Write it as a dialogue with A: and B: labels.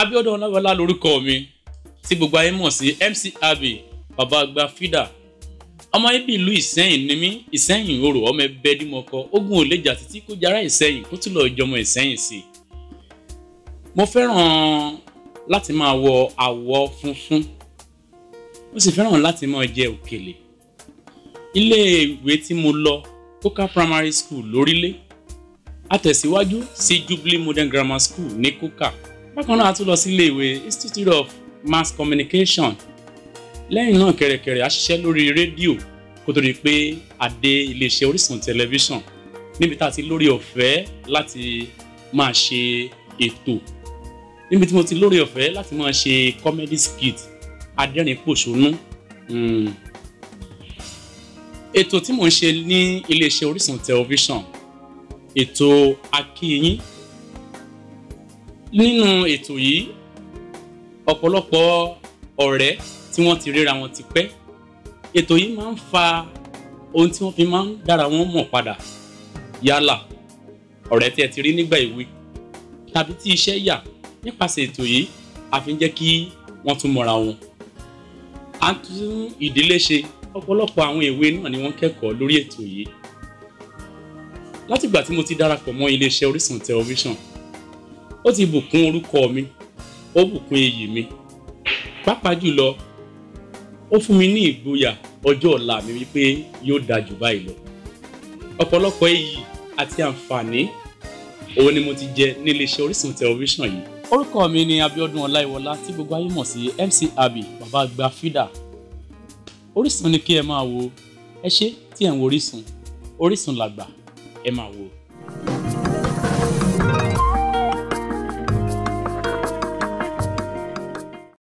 A: Abíọ́dún Ọlábọlá lórúkọ mi tí gbogbo ayé mọ̀ sí MC Abbey bàbá àgbà fídà ọmọ ibi ìlú Ìsẹ́yìn ni mí Ìsẹ́yìn orò ọmọ ẹbẹ dímọkọ ogun ò lè jà títí kó jara Ìsẹ́yìn kó tún lọ jọmọ Ìsẹ́yìn sí i mo fẹ́ràn láti máa wọ àwọ̀ funfun mo sì fẹ́ràn láti máa jẹ òkèlè ilé ìwé tí mo lọ Coca Primary School lórílé àtẹ̀síwájú sí Jubilee Modern Grammar School ní Coca bákan náà a tún lọ sí ilé institute of mass communication lẹ́yìn náà kẹ̀rẹ̀kẹ̀rẹ̀ a ṣiṣẹ́ lórí rédíò kó tó di pé a dé iléeṣẹ́ orísun tẹlifíṣàn níbi tá a ti lórí ọ̀fẹ́ láti máa ṣe ètò níbi tí mo ti lórí ọ̀fẹ́ láti máa ṣe comedy skit adẹ́rìn pòṣónú hmm. ètò tí mò ń ṣe ní iléeṣẹ́ orísun tẹlifíṣàn ètò akíyín nínú ètò yìí ọ̀pọ̀lọpọ̀ ọ̀rẹ́ tí wọ́n ti ríra wọn ti pẹ́ ètò yìí máa ń fa ohun tí wọ́n fi máa ń dára wọn mọ̀ padà yálà ọ̀rẹ́ tí ẹ ti rí nígbà èwe tàbí tí iṣẹ́ yà nípasẹ̀ ètò yìí a fi ń jẹ́ kí wọ́n tún mọ̀ra wọn. a tún ìdílé ṣe ọ̀pọ̀lọpọ̀ àwọn èwe náà ni wọ́n kẹ́kọ̀ọ́ lórí ètò yìí. látìgbà tí mo ti darapọ̀ mọ́ iléeṣẹ́ Orísun tẹlifíṣàn ó ti bùkún orúkọ mi ó bùkún iyì mi pàápàá jùlọ ó fún mi ní ìgboyà ọjọ́ ọ̀la mi wípé yóò dáa jù báyìí lọ ọ̀pọ̀lọpọ̀ iyì àti àǹfààní òun ni mo ti jẹ níléeṣẹ́ Orísun tẹlifíṣàn yìí orúkọ mi ni Abíọ́dún Ọláìwọlá tí gbogbo ayé mọ̀ sí MC Abi bàbá àgbà fídà Orísun ni kí ẹ máa wo ẹ ṣé tí ẹ ń wo Orísun Orísun làgbà ẹ máa wo.